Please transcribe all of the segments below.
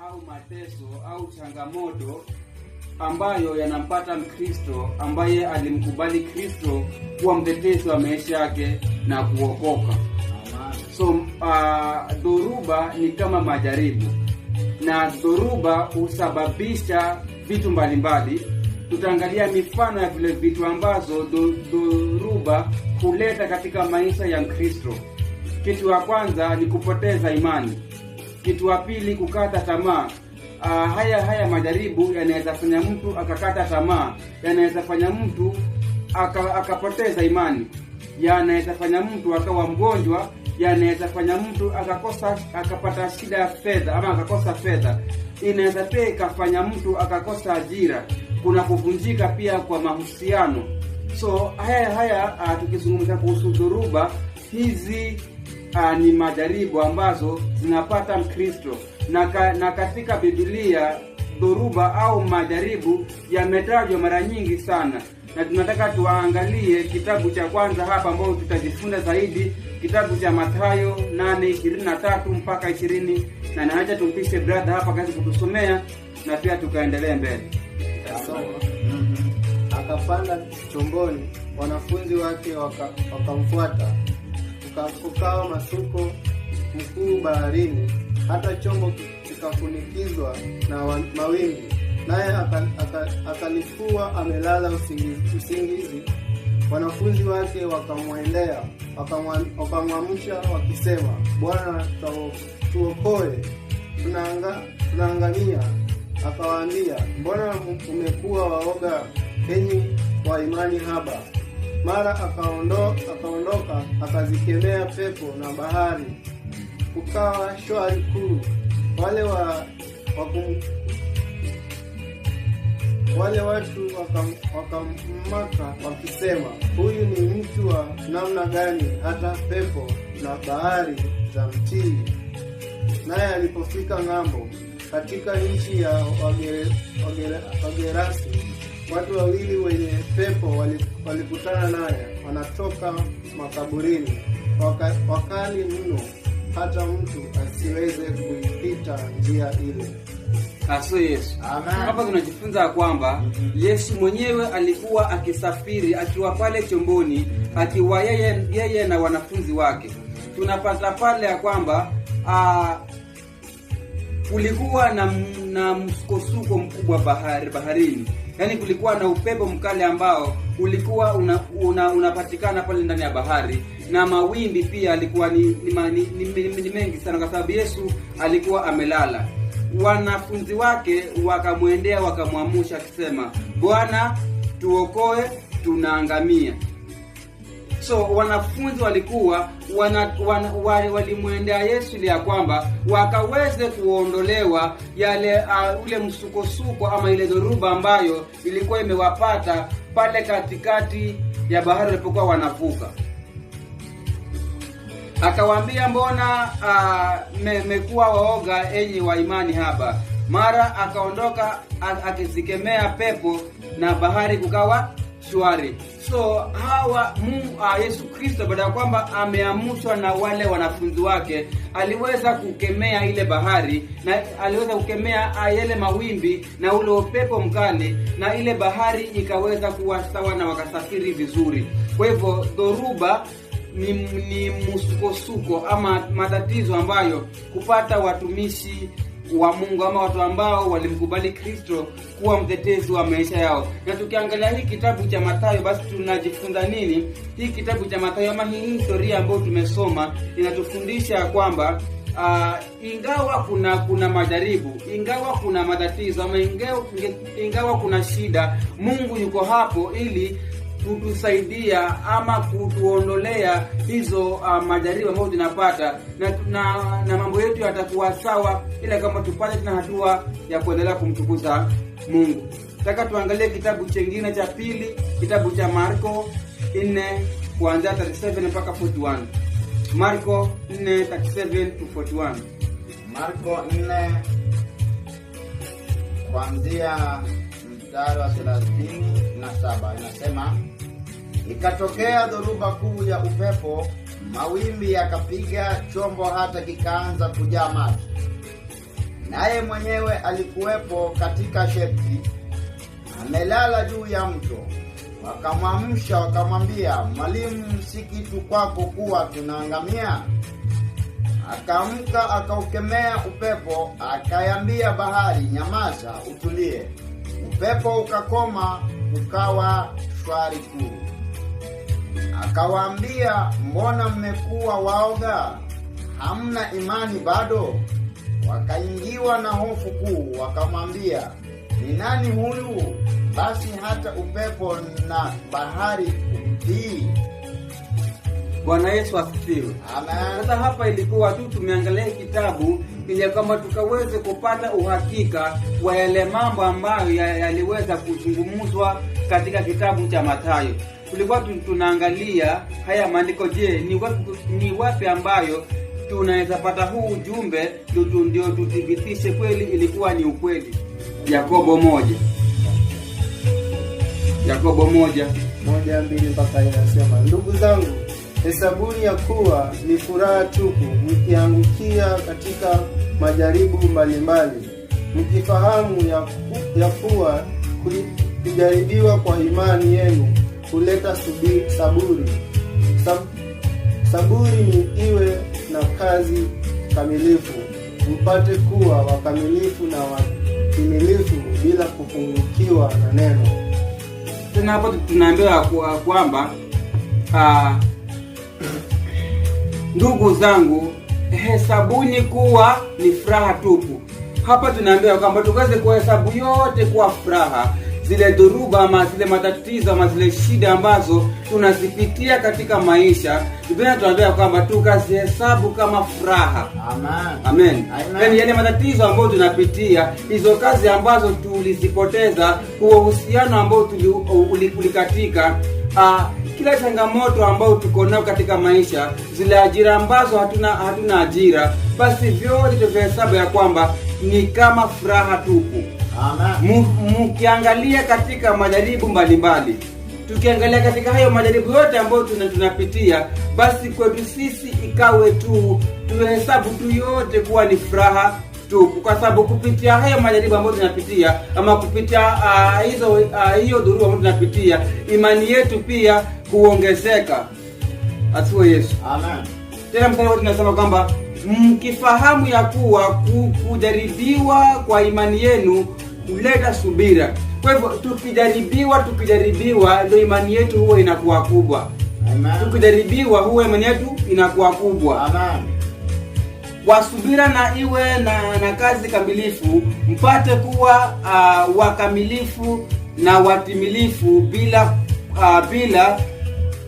au mateso au changamoto ambayo yanampata Mkristo ambaye alimkubali Kristo kuwa mtetezi wa maisha yake na kuokoka. So uh, dhoruba ni kama majaribu, na dhoruba husababisha vitu mbalimbali. Tutaangalia mifano ya vile vitu ambazo dhoruba huleta katika maisha ya Mkristo. Kitu ya kwanza ni kupoteza imani. Kitu wa pili, kukata tamaa. Uh, haya haya majaribu yanaweza fanya mtu akakata tamaa, yanaweza fanya mtu aka, akapoteza imani, yanaweza fanya mtu akawa mgonjwa, yanaweza fanya mtu akakosa akapata shida ya fedha ama akakosa fedha, inaweza pia ikafanya mtu akakosa ajira. Kuna kuvunjika pia kwa mahusiano. So haya haya, uh, tukizungumza kuhusu dhuruba hizi uh, ni majaribu ambazo zinapata Mkristo na, ka, na katika Biblia dhoruba au majaribu yametajwa mara nyingi sana, na tunataka tuwaangalie kitabu cha kwanza hapa ambao tutajifunza zaidi, kitabu cha Mathayo 8:23 mpaka 20, na naacha tumpishe brother hapa kazi kutusomea na pia tukaendelea mbele. Akapanda chomboni, wanafunzi wake wakamfuata waka ukawa masuko mkuu baharini, hata chombo kikafunikizwa na mawingi naye akalikuwa amelala usingizi, usingizi. Wanafunzi wake wakamwendea wakamwamsha wakisema, Bwana, tuokoe, tunaanga, tunaangamia. Akawaambia, mbona umekuwa waoga, enyi wa imani haba? Mara akaondoka akazikemea pepo na bahari, kukawa shwari kuu. Wale wa wakum, wale watu wakammaka wakisema, huyu ni mtu wa namna gani, hata pepo na bahari za mtii? Naye alipofika ng'ambo katika nchi ya Wagerasi watu wawili wenye pepo walikutana naye wanatoka makaburini, waka, wakali mno hata mtu asiweze kuipita njia ile. Aso Yesu. Hapa tunajifunza ya kwamba Yesu mwenyewe alikuwa akisafiri akiwa pale chomboni akiwa yeye, yeye na wanafunzi wake. Tunapata pale ya kwamba ah, kulikuwa na, na msukosuko mkubwa bahari baharini yani kulikuwa na upepo mkali ambao ulikuwa unapatikana una, una pale ndani ya bahari na mawimbi pia alikuwa ni, ni, ni, ni, ni, ni mengi sana, kwa sababu Yesu alikuwa amelala. Wanafunzi wake wakamwendea wakamwamusha akisema, Bwana, tuokoe tunaangamia. So wanafunzi walikuwa wana, wana, walimwendea Yesu ili ya kwamba wakaweze kuondolewa yale uh, ule msukosuko ama ile dhoruba ambayo ilikuwa imewapata pale katikati ya bahari walipokuwa wanavuka. Akawaambia, mbona uh, me, mekuwa waoga enyi wa imani hapa? Mara akaondoka akizikemea pepo na bahari kukawa shwari. So hawa Mungu ah, Yesu Kristo baada ya kwamba ameamushwa na wale wanafunzi wake, aliweza kukemea ile bahari na aliweza kukemea ah, yale mawimbi na ule upepo mkali, na ile bahari ikaweza kuwa sawa na wakasafiri vizuri. Kwa hivyo dhoruba ni, ni musukosuko ama matatizo ambayo kupata watumishi wa Mungu ama watu ambao walimkubali Kristo kuwa mtetezi wa maisha yao. Na tukiangalia hii kitabu cha matayo basi tunajifunza nini? Hii kitabu cha matayo ama hii historia ambayo tumesoma inatufundisha kwamba Uh, ingawa kuna kuna majaribu, ingawa kuna matatizo ama ingawa, ingawa kuna shida, Mungu yuko hapo ili kutusaidia ama kutuondolea hizo uh, majaribu ambayo tunapata na, na, na mambo yetu yatakuwa sawa, ila kama tupate tena hatua ya kuendelea kumtukuza Mungu. Nataka tuangalie kitabu chengine cha pili, kitabu cha Marko 4 kuanzia 37 mpaka 41. Marko 4:37 to 41. Marko 4 kuanzia mstari wa 37 inasema, ikatokea dhoruba kuu ya upepo, mawimbi yakapiga chombo hata kikaanza kujaa maji, naye mwenyewe alikuwepo katika shepti, amelala juu ya mto. Wakamwamsha wakamwambia, Mwalimu, si kitu kwako kuwa tunaangamia? Akaamka akaukemea upepo, akayambia bahari, Nyamaza, utulie upepo ukakoma, ukawa shwari kuu. Akawaambia, mbona mmekuwa waoga? Hamna imani bado? Wakaingiwa na hofu kuu, wakamwambia, ni nani huyu basi hata upepo na bahari kumtii? Bwana Yesu asifiwe. Amen. Sasa hapa ilikuwa tu tumeangalia kitabu ili kwamba tukaweze kupata uhakika wa yale mambo ambayo yaliweza kuzungumzwa katika kitabu cha Mathayo. Tulikuwa tunaangalia haya maandiko. Je, ni wapi, ni wapi ambayo tunaweza pata huu ujumbe ndio tuthibitishe kweli ilikuwa ni ukweli? Yakobo moja Yakobo moja moja mbili mpaka inasema, ndugu zangu Hesabuni ya kuwa ni furaha tupu mkiangukia katika majaribu mbalimbali, mkifahamu ya, ya kuwa kujaribiwa kwa imani yenu kuleta saburi Sab, saburi ni iwe na kazi kamilifu, mpate kuwa wakamilifu na watimilifu bila kupungukiwa na neno. Tena hapo tunaambiwa kwamba ah, Ndugu zangu, hesabuni kuwa ni furaha tupu. Hapa tunaambiwa kwamba tukaze kuhesabu yote kuwa furaha, zile dhoruba ama zile matatizo ama zile shida ambazo tunazipitia katika maisha, Biblia tunaambia kwamba tukazihesabu kama furaha. Amen, amen. Yale matatizo ambayo tunapitia, hizo kazi ambazo tulizipoteza, huo uhusiano ambao ulikatika uh, kila changamoto ambayo tuko nayo katika maisha, zile ajira ambazo hatuna hatuna ajira, basi vyote hesabu ya kwamba ni kama furaha tupu. Mkiangalia katika majaribu mbalimbali, tukiangalia katika hayo majaribu yote ambayo tunapitia, basi kwetu sisi ikawe tu tuhesabu tu yote kuwa ni furaha tupu, kwa sababu kupitia haya majaribu ambayo tunapitia ama kupitia uh, hizo uh, hiyo dhuruma ambayo tunapitia, imani yetu pia huongezeka. Asiwe Yesu, amen. Tena mstari wote tunasema kwamba mkifahamu ya kuwa kujaribiwa kwa imani yenu huleta subira. Kwa hivyo tukijaribiwa, tukijaribiwa ndio imani yetu huwa inakuwa kubwa. Amen. Tukijaribiwa huwa imani yetu inakuwa kubwa. Amen wa subira na iwe na, na kazi kamilifu, mpate kuwa uh, wakamilifu na watimilifu bila uh, bila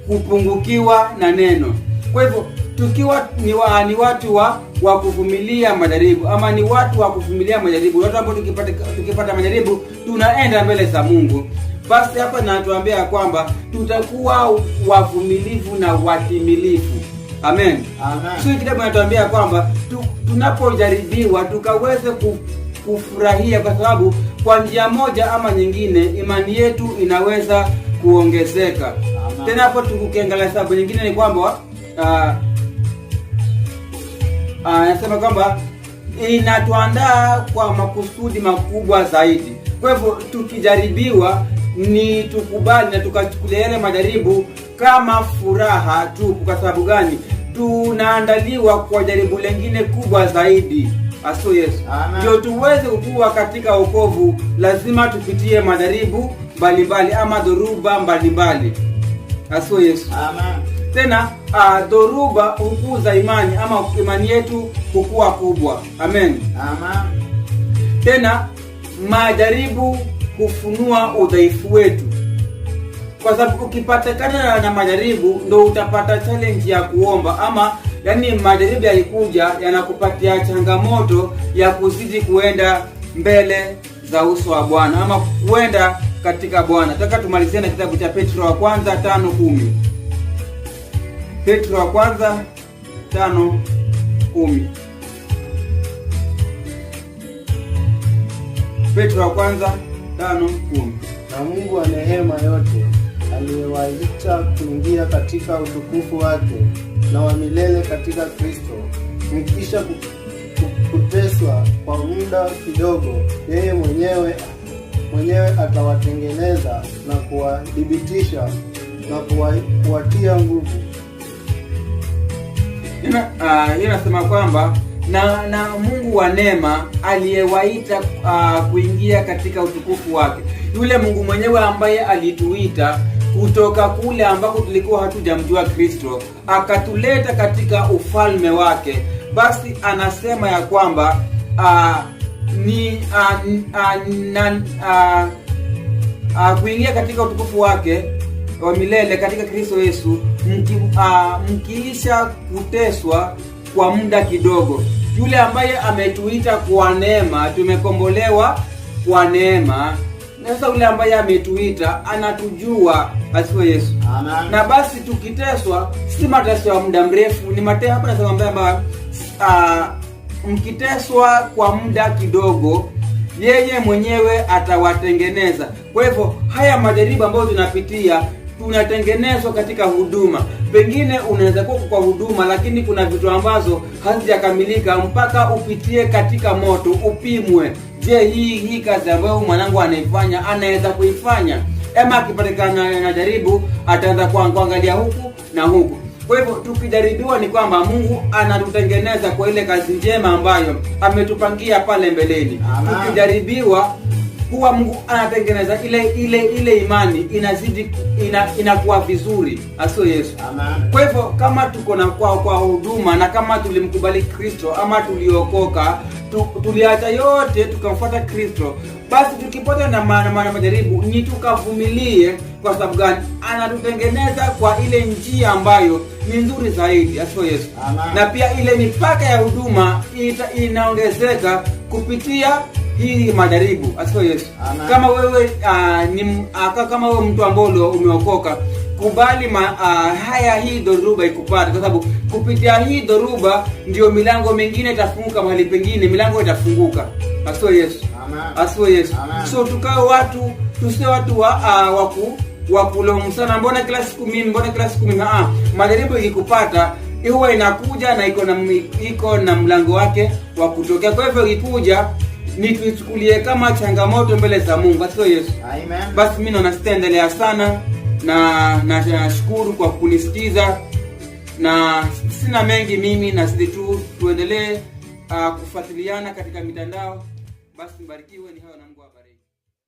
kupungukiwa na neno. Kwa hivyo tukiwa ni, wa, ni watu wa wa kuvumilia majaribu ama ni watu wa kuvumilia majaribu, watu ambao tukipata, tukipata majaribu tunaenda mbele za Mungu. Basi hapa natuambia kwamba tutakuwa wavumilivu na watimilifu. Amen. Sio kile kinatuambia kwamba tunapojaribiwa tukaweze kufurahia, kwa sababu kwa njia moja ama nyingine imani yetu inaweza kuongezeka. Amen. Tena hapo tukukiangalia sababu nyingine ni kwamba anasema uh, uh, kwamba inatuandaa kwa makusudi makubwa zaidi. Kwa hivyo tukijaribiwa ni tukubali na tukachukulia yale majaribu kama furaha tu. Kwa sababu gani? tunaandaliwa kwa jaribu lengine kubwa zaidi. Asu Yesu. Ndio tuweze kukua katika wokovu, lazima tupitie majaribu mbalimbali ama dhoruba mbalimbali. Asu Yesu. Amen. Tena uh, dhoruba hukuza imani ama imani yetu kukua kubwa. Amen. Amen. Tena majaribu hufunua udhaifu wetu kwa sababu ukipatikana na majaribu ndo utapata challenge ya kuomba ama yani, majaribu yalikuja yanakupatia changamoto ya kuzidi kuenda mbele za uso wa Bwana ama kuenda katika Bwana. Nataka tumalizie na kitabu cha Petro wa kwanza tano kumi. Petro wa kwanza tano kumi. Petro wa kwanza tano kumi. Na Mungu wa rehema yote aliyewaita kuingia katika utukufu wake na wa milele katika Kristo. Nikisha kuteswa kwa muda kidogo, yeye mwenyewe mwenyewe atawatengeneza na kuwathibitisha na kuwatia nguvu. Hiyo ah, nasema uh, kwamba na na Mungu wa neema aliyewaita uh, kuingia katika utukufu wake, yule Mungu mwenyewe ambaye alituita kutoka kule ambako tulikuwa hatujamjua Kristo akatuleta katika ufalme wake. Basi anasema ya kwamba a, ni a, a, na, a, a, kuingia katika utukufu wake wa milele katika Kristo Yesu, mkiisha kuteswa kwa muda kidogo. Yule ambaye ametuita kwa neema, tumekombolewa kwa neema na sasa yule ambaye ametuita anatujua, asifiwe Yesu. Amen. Na basi tukiteswa, si mateso ya muda mrefu, ni mateso hapa nasema kwamba uh, ah, mkiteswa kwa muda kidogo, yeye mwenyewe atawatengeneza. Kwa hivyo haya majaribu ambayo tunapitia tunatengenezwa katika huduma. Pengine unaweza kuwa kwa huduma, lakini kuna vitu ambazo hazijakamilika mpaka upitie katika moto, upimwe. Je, hii hii kazi ambayo mwanangu anaifanya anaweza kuifanya? Ema akipatikana na jaribu, ataweza kuangalia huku na huku. Kwa hivyo tukijaribiwa, ni kwamba Mungu anatutengeneza kwa ile kazi njema ambayo ametupangia pale mbeleni. Tukijaribiwa huwa Mungu anatengeneza ile ile ile imani inazidi ina, inakuwa vizuri, asio Yesu. Kwa hivyo kama tuko na kwa kwa huduma na kama tulimkubali Kristo ama tuliokoka tu, tuliacha yote tukamfuata Kristo, basi tukipata na maana maana majaribu ni tukavumilie. Kwa sababu gani? Anatutengeneza kwa ile njia ambayo ni nzuri zaidi, asio Yesu. Na pia ile mipaka ya huduma inaongezeka kupitia hii majaribu asiko Yesu. Kama wewe uh, ni, uh, kama wewe mtu ambaye umeokoka kubali ma, uh, haya hii dhoruba ikupate, kwa sababu kupitia hii dhoruba ndio milango mingine itafunguka, mahali pengine milango itafunguka. Asiko Yesu, Asiko Yesu. So tukao watu tusio watu wa uh, waku wakulomu sana, mbona kila siku mimi, mbona kila siku mimi. Ah, majaribu ikikupata huwa inakuja na iko na iko na mlango wake wa kutokea. Kwa hivyo ikikuja nikichukulie kama changamoto mbele za Mungu asiyo Yesu. Amen. Basi mimi naona sitaendelea sana na nashukuru na kwa kunisikiza, na sina mengi mimi, nazidi tu tuendelee uh, kufuatiliana katika mitandao. Basi mbarikiwe, ni hayo na